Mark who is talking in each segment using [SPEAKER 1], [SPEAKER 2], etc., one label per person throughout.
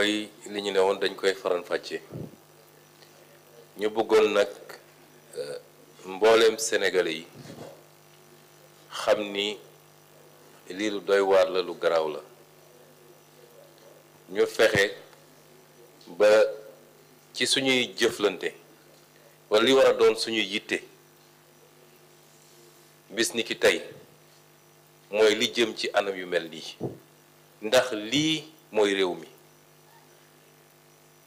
[SPEAKER 1] mooy li ñu ne woon dañ koy faran fàcce ñu bëggoon nag euh, mbooleem senegale yi xam ni lii lu doy waar la lu garaaw la ñu fexe ba ci suñuy jëflante wala li war a doon suñuy yitte bis ni ki tey mooy li jëm ci anam yu mel nii ndax lii mooy réew mi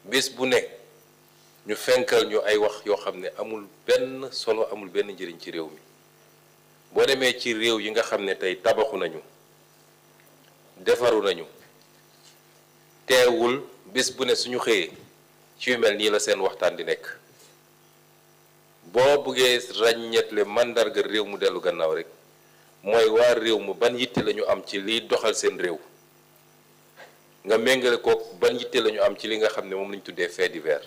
[SPEAKER 1] bés bu ne ñu fenkal ñu ay wax yoo xam ne amul benn solo amul benn njëriñ ci réew mi boo demee ci réew yi nga xam ne tey tabaxu nañu defaru nañu teewul bés bu ne suñu xëyee ci yu mel nii la seen waxtaan di nekk boo bëggee ràññetle màndarga réew mu dellu gannaaw rek mooy waa réew mu ban yitte lañu am ci liy doxal seen réew nga méngale kook ban yitte la ñu am ci li nga xam ne moom la ñu tuddee fait divers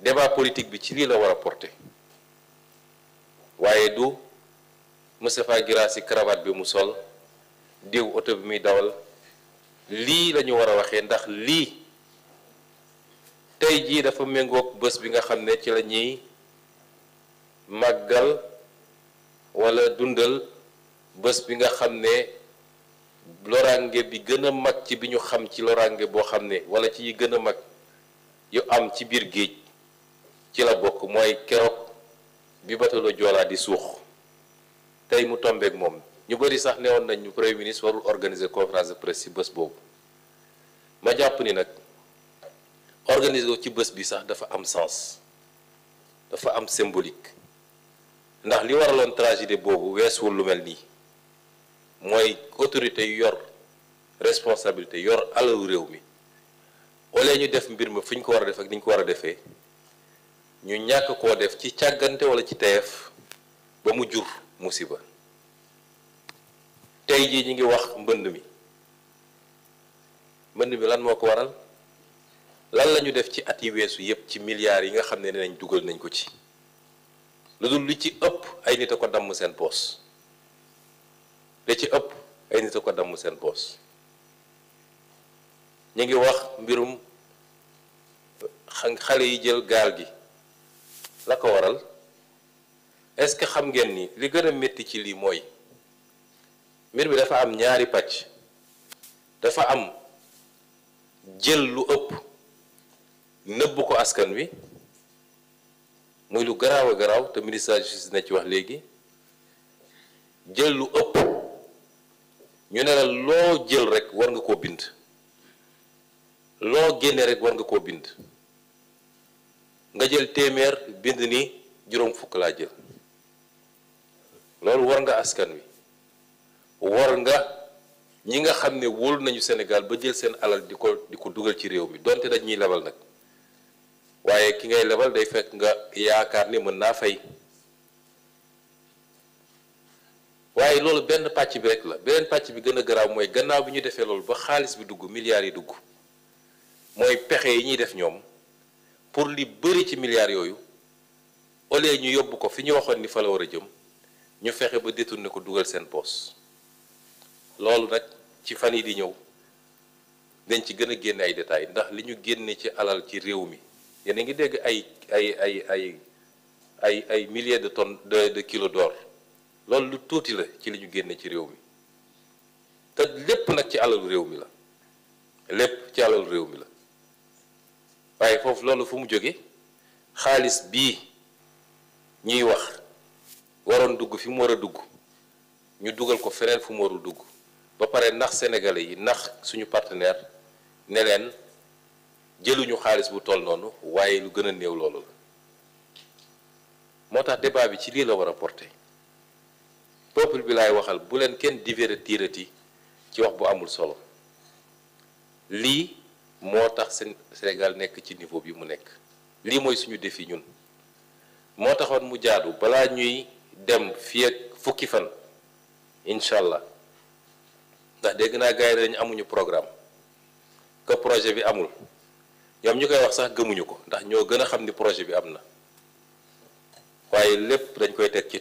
[SPEAKER 1] débat politique bi ci lii la war a porte waaye du Moustapha Guirassy cravate bi mu sol diw oto bi muy dawal lii lañu war a waxee ndax lii tey jii dafa méngoog bés bi nga xam ne ci la ñuy màggal wala dundal bés bi nga xam ne lorange bi gëna mag ci bi ñu xam ci lorange bo xamne wala ci yi gëna mag yu am ci bir geej ci la bok moy kérok bi batalo jola di suux tay mu ak mom ñu bari sax newoon nañ ñu premier ministre warul organiser conférence de presse ci bëss bobu ma japp ni nak organiser ci bëss bi sax dafa am sens dafa am symbolique ndax li waralon tragédie bobu wessul lu mel ni mooy autorité yu yor responsabilité yor alalu réew mi wala ñu def mbir ma fu ñu ko war a def ak ni ñu ko war a defee ñu ñàkk koo def ci càggante wala ci teef ba mu jur musiba tey jii ñu ngi wax mbënd mi mbënd mi lan moo ko waral lan la ñu def ci at yi weesu yépp ci milliards yi nga xam ne ne nañ dugal nañ ko ci lu dul li ci ëpp ay nit a ko damm seen poos da ci ëpp ay nitu ko damm seen poos ñi ngi wax mbirum xale yi jël gaal gi la ko waral est-ce xam ngeen ni li gën a ci lii mooy mbir bi dafa am ñaari pàcc dafa am jël lu ëpp nëbb ko askan wi muy lu garaaw a garaaw te ministre de justice na ci wax léegi jël lu ëpp ñu ne la loo jël rek war nga koo bind loo génne rek war nga koo bind nga jël téeméer bind ni juróom fukk laa jël loolu war nga askan wi war nga ñi nga xam ne wóolu nañu senegal ba jël seen alal di ko di ko dugal ci réew mi donte dañ ñuy lebal nag waaye ki ngay lebal day fekk nga yaakaar ni mën naa fay waaye loolu benn pàcc bi rek la beneen pàcc bi gën a garaaw mooy gannaaw bi ñu defee loolu ba xaalis bi dugg milliards yi dugg mooy pexe yi ñuy def ñoom pour li bëri ci milliards yooyu au ñu yóbbu ko fi ñu waxoon ni fa la war a jëm ñu fexe ba détourné ko dugal seen poos loolu nag ci fan yi di ñëw dañ ci gën a génne ay détails ndax li ñu génne ci alal ci réew mi yéen a ngi dégg ay ay ay ay ay ay milliers de tonnes de de kilos d'or loolu lu tuuti la ci li ñu génne ci réew mi te lépp nag ci alalu réew mi la lépp ci alalu réew mi la waaye foofu loolu fu mu jóge xaalis bii ñuy wax waroon dugg fi mu war a dugg ñu dugal ko feneen fu mu warul dugg ba pare ndax sénégalais yi ndax suñu partenaire ne jëluñu xaalis bu tool noonu waaye lu gën a néew loolu la moo tax débat bi ci lii la war a porter peuple bi lay waxal bu ken kenn divertirati ci wax bu amul solo Li motax senegal nek ci niveau bi mu nek li moy suñu defi ñun motaxone mu jaadu bala ñuy dem fi ak fukki fan inshallah allah ndax dégg naa gars amuñu programme projet bi amul ñom ñukay wax sax gëmuñu ko ndax ño gëna xamni projet bi amna waye lepp dañ koy tek ci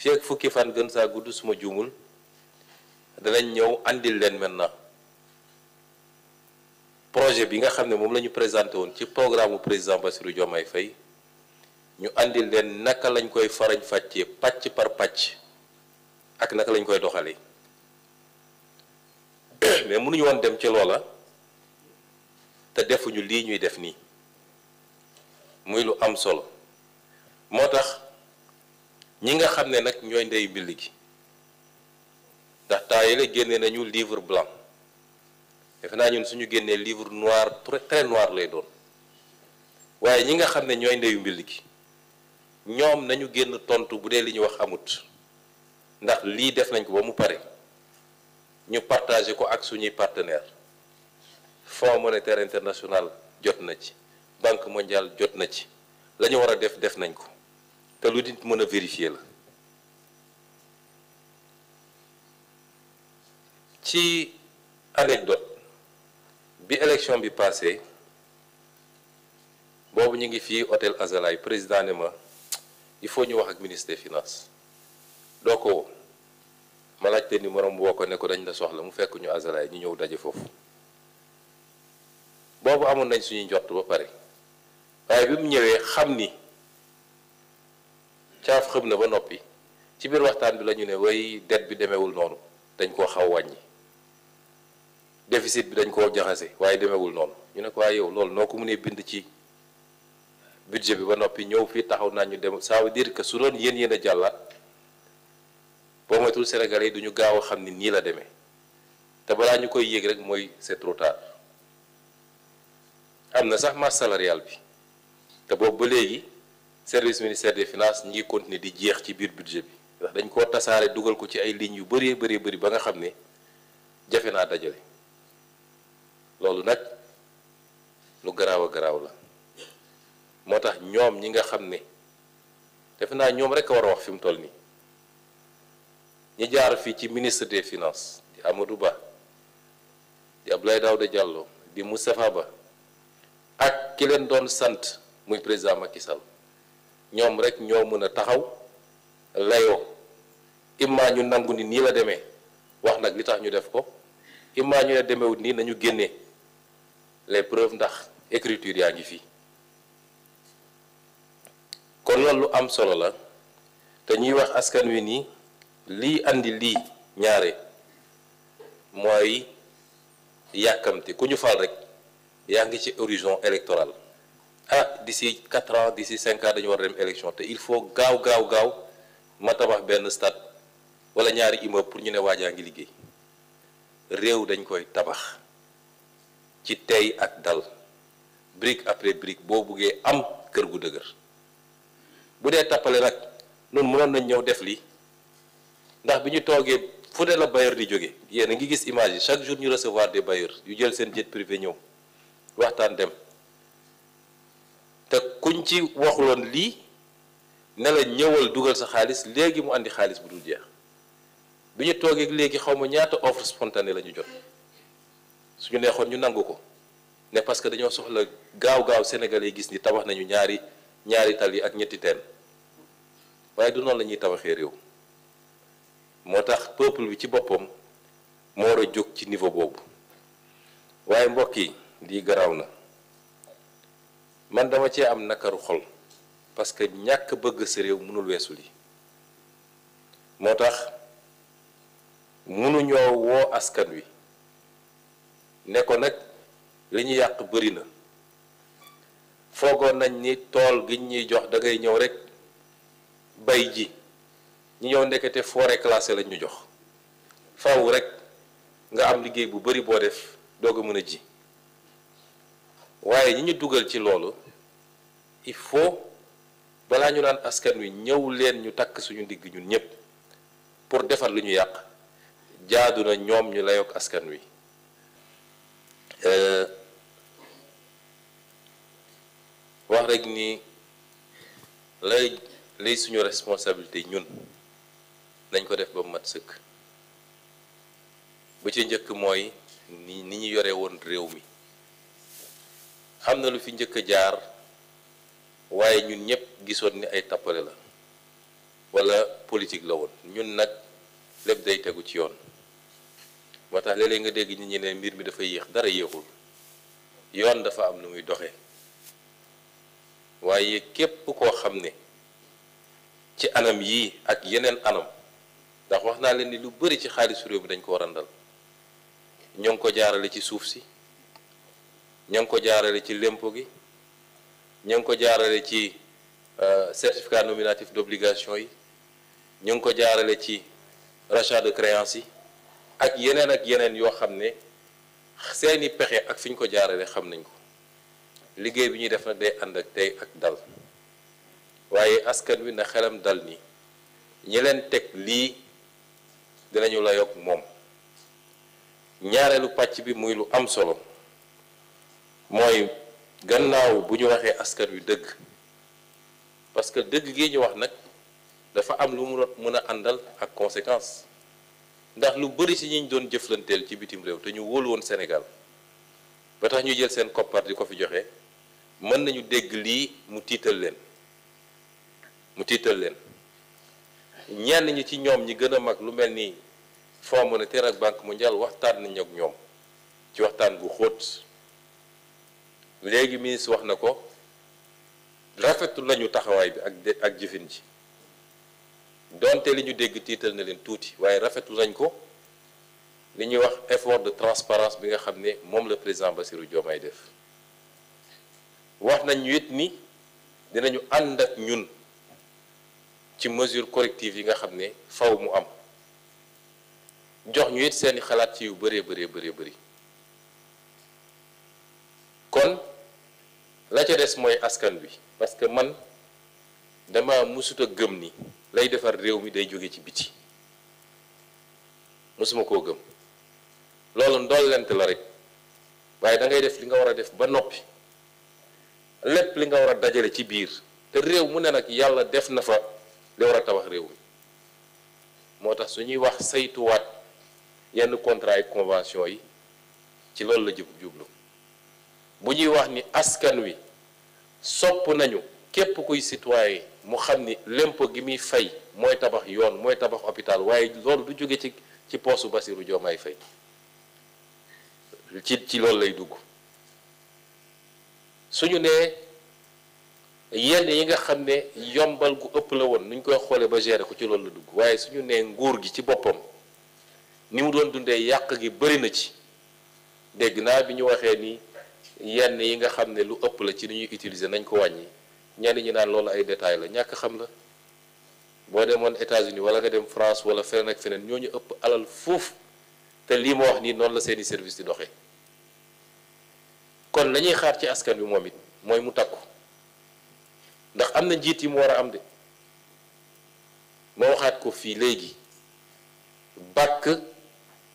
[SPEAKER 1] fii fukki fan gën sa guddu suma juumul danañ ñew andil leen maintenant projet bi nga xamne mom lañu présenté won ci programme président Bassirou Diomaye Fay ñu andil leen naka lañ koy farañ faccé patch par patch ak naka lañ koy doxalé mais ñu won dem ci lola te defuñu li ñuy def ni muy lu am solo motax ñi nga xam ne nag ñooy ndeyu mbill gi ndax taayale génne nañu livre blanc defe naa ñun suñu génnee livre noir très noir lay doon waaye ñi nga xam ne ñooy ndeyu mbill gi ñoom nañu génn tontu bu dee li ñu wax amut ndax lii def nañ ko ba mu pare ñu partagé ko ak suñuy partenaire fonds monétaire international jot na ci banque mondiale jot na ci la ñu war a def def nañ ko te lu nit mën a vérifier la ci anecdote bi élection bi passé boobu ñu ngi fii hôtel Azalaï président ne ma il faut ñu wax ak ministre finance finances doo ko woo ma laajte numéro mu woo ko ne ko dañ la soxla mu fekkuñu ñu ñu ñëw daje foofu boobu amoon nañ suñu njort ba pare waaye bi mu ñëwee xam ni caaf xëm na ba noppi ci biir waxtaan bi lañu ne way dette bi demeewul noonu dañ koo xaw wàññi déficit bi dañ koo jaxase waaye demeewul noonu ñu ne ko waaye yow loolu noo ko mënee bind ci budget bi ba noppi ñëw fii taxaw naa ñu dem ça veut dire que su doon yéen yéen a jàllaat boo moytul Sénégalais yi duñu gaaw a xam ni nii la demee te balaa ñu koy yéeg rek mooy c'est trop am na sax masse salariale bi te boobu ba léegi. service ministère des finances ñi ngi continuer di jeex ci biir budget bi ndax dañ ko tassalé dugal ko ci ay ligne yu bëree bëri bëri ba nga xamné jafena dajalé naa nak lu garaaw graw la motax ñom ñi nga xamné ne defe rek war wax fi mu toll ni ñi jaar fi ci ministre des finances di Amadou Ba di Abdoulaye Daouda Diallo di Moustapha Ba ak ki len doon sant muy président Macky Sall ñoom rek ñoo mën a taxaw layoo imma ñu nangu ni nii la demee wax nag li tax ñu def ko imma ñu ne demewut nii nañu génne les preuves ndax écriture yaa ngi fii kon loolu lu am solo la te ñuy wax askan wi nii lii andi lii ñaare mooy yàkkamti ku ñu fal rek yaa ngi ci horizon électoral ah d'ici 4 ans d'ici 5 ans dañu war dem élection té il faut gaw gaw gaw ma tabax ben stade wala ñaari immeuble pour ñu né waja ngi liggéey réew dañ koy tabax ci tay ak dal brique après brique bo buggee am kër gu deugër bu dee tappale nag noonu mënoon nañ ñew def li ndax biñu togué fu dé la bailleur di joggé yéen a ngi gis image chaque jour ñu recevoir des bailleurs yu jël sen jet privé ñew waxtaan dem kuñ ci waxuloon lii ne la ñëwal dugal sa xaalis léegi mu indi xaalis bu dul jeex bi ñu toogee léegi xaw ma ñaata offre spontanée la ñu jot suñu neexoon ñu nangu ko ne parce que dañoo soxla gaaw-gaaw Sénégalais gis ni tabax nañu ñaari ñaari tali ak ñetti teen waaye du noonu la ñuy tabaxee réew moo tax peuple bi ci boppam moo war a jóg ci niveau boobu waaye mbokk yi lii garaaw na. man dama cee am nakaru xol parce que ñàkk bëgg sa réew mënul weesu li moo tax mënuñoo woo askan wi ne ko nag li ñu yàq bëri na foogoon nañ ni tool gi ñuy jox da ngay ñëw rek bay ji ñu ñëw ndekete forêt classée lañ ñu jox faaw rek nga am liggéey bu bëri boo def doo ko mën a ji waaye ñi ñu dugal ci loolu il faut balaa ñu daan askan wi ñëw leen ñu takk suñu ndigg ñun ñëpp pour defar lu ñu yàq jaadu na ñoom ñu la yokk askan wi euh, wax rek ni lay lay suñu responsabilité ñun nañ ko def ba mat sëkk ba ci njëkk mooy ni ni ñu yore woon réew mi xam na lu fi njëkk a jaar waaye ñun ñëpp gisoon ni ay tappale la wala politique la woon ñun nag lépp day tegu ci yoon moo tax léeg nga dégg nit ñi ne mbir mi dafa yéex dara yéexul yoon dafa am lu muy doxe waaye képp koo xam ne ci anam yii ak yeneen anam ndax wax naa leen ni lu bari ci xaalisu réew mi dañ ko war a ndal ñoo ngi ko jaarale ci suuf si ña ngi ko jaarale ci lempo gi ña ngi ko jaarale ci euh, certificat nominatif d'obligation yi ñu ngi ko jaarale ci rachat de créance yi ak yeneen ak yeneen yoo xam ne seeni pexe ak fi ñu ko jaarale xam nañ ko liggéey bi ñuy def nag day ànd ak tey ak dal waaye askan wi na xelam dal ni ñi leen teg lii dinañu la yokk moom ñaareelu pàcc bi muy lu am solo mooy gannaaw bu ñu waxee askan wi dëgg parce que dëgg gi ñu wax nag dafa am lu mu mën a àndal ak conséquence ndax lu bëri si ñi ñu doon jëflanteel ci bitim réew te ñu wóolu woon Sénégal ba tax ñu jël seen koppar di ko fi joxe mën nañu dégg lii mu tiital leen mu tiital leen ñenn ñi ci ñoom ñi gën a mag lu mel ni Fonds monétaire ak Banque mondiale waxtaan nañ ak ñoom ci waxtaan bu xóot. léegi ministre wax na ko rafetu nañu taxawaay bi ak ak jëfin ji donte li ñu dégg tiital na leen tuuti waaye rafetu nañ ko li ñuy wax effort de transparence bi nga xam ne moom la président Bassirou Diomaye def wax nañ ñu it ni dinañu ànd ak ñun ci mesure corrective yi nga xam ne faw mu am jox ñu it seeni xalaat yu bëree bëree bëree bëri kon la ca des mooy askan bi parce que man dama musuta gëm ni lay defar réew mi day jóge ci biti musuma koo gëm loolu ndollent la rek waaye da ngay def li nga war a def ba noppi lépp li nga war a dajale ci biir te réew mu ne nag yàlla def na fa li war a tabax réew mi moo tax su ñuy wax saytuwaat yenn contrat yi convention yi ci loolu la jub jublu bu ñuy wax ni askan wi sopp nañu képp kuy citoyen mu xam ni lempo gi muy fay mooy tabax yoon mooy tabax hôpital waaye loolu du jóge ci ci poosu Basiru Joomaay Fay ci ci loolu lay dugg suñu nee yenn yi nga xam ne yombal gu ëpp la woon nuñ koy xoolee ba gérer ko ci loolu la dugg waaye suñu nee nguur gi ci boppam ni mu doon dundee yàq gi bëri na ci dégg naa bi ñu waxee nii yenn yi nga xam ne lu ëpp la ci ni ñuy utiliser nañ ko wàññi ñenn ñi naan loolu ay détails la ñàkk xam la boo demoon États-Unis wala nga dem France wala feneen ak feneen ñoo ñu ëpp alal foofu te lii ma wax nii noonu la seeni service di doxee kon lañuy xaar ci askan bi moom it mooy mu takku ndax am na njiit yi mu war a am de ma waxaat ko fii léegi bàkk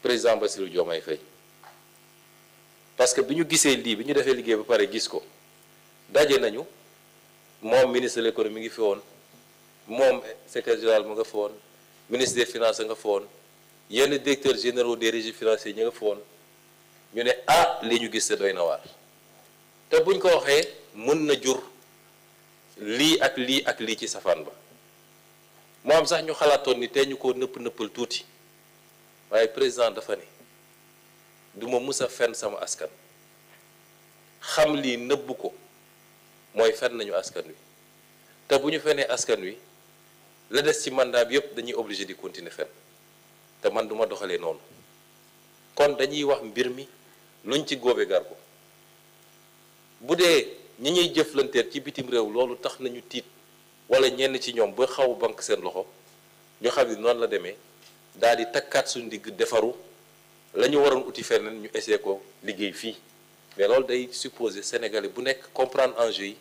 [SPEAKER 1] président Bassirou ay fay parce que bi ñu gisee lii bi ñu defee liggéey ba pare gis ko daje nañu moom ministre de l'économie ngi fi moom secrétaire général mu nga fi ministre de finances nga fi yenn directeurs générau des régimes financiers ñu nga fi ñu ne ah li ñu gis te doy na waar te buñ ko waxee mën na jur lii ak lii ak lii ci safaan ba moo am sax ñu xalaatoon ni tey ñu ko nëpp nëppal tuuti waaye président dafa ne du ma mus a fenn sama askan xam lii nëbb ko mooy fen nañu askan wi te bu ñu fenee askan wi la des ci mandat bi yëpp dañuy obligé di continuer fen te man duma doxalee noonu kon dañuy wax mbir mi luñ ci góobe gar ko bu dee ñi ñuy jëflanteer ci bitim réew loolu tax nañu tiit wala ñenn ci ñoom ba xaw bank seen loxo ñu xam ni noonu la demee daal di takkaat suñ digg defaru lañu ñu waroon uti feneen ñu essayer ko liggéey fii mais loolu day supposer sénégalais bu nekk comprendre enjeu yi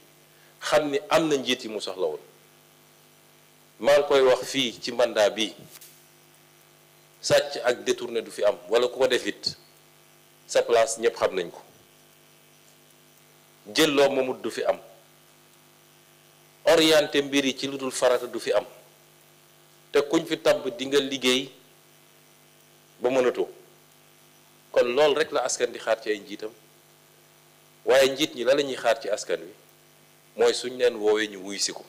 [SPEAKER 1] xam ni am na njiit yi mu soxla woon maa ngi koy wax fii ci mandat bi sàcc ak détourné du fi am wala ku ko def it sa place ñëpp xam nañ ko jël loo moomut du fi am orienté mbir yi ci lu dul farata du fi am te kuñ fi tabb dinga liggéey ba mënatoo kon loolu rek la askan di xaar ci ay njiitam waaye njiit ñi la la xaar ci askan wi mooy suñ leen woowee ñu wuy si ko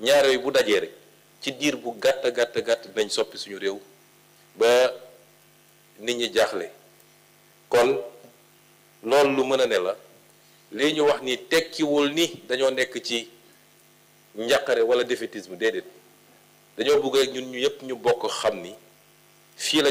[SPEAKER 1] ñaar yooyu bu dajee rek ci diir bu gàtt gàtt gàtt dinañ soppi suñu réew ba nit ñi jaaxle kon loolu lu mën a ne la lii ñu wax ni tekkiwul ni dañoo nekk ci njàqare wala défaitisme déedéet dañoo bëgg rek ñun ñu yépp ñu bokk xam ni fii la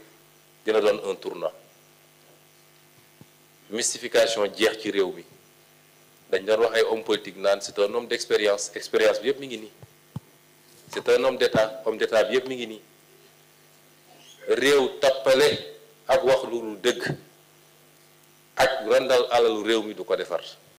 [SPEAKER 1] nous donne un tournant mystification jeex ci réew mi dañ doon wax ay homme politique naan c'est un homme d'expérience expérience bi mi ngi c'est un homme d'état homme d'état bi yëpp mi ngi ni réew tappale ak wax lu deug dëgg ak randal alalu réew mi du ko defar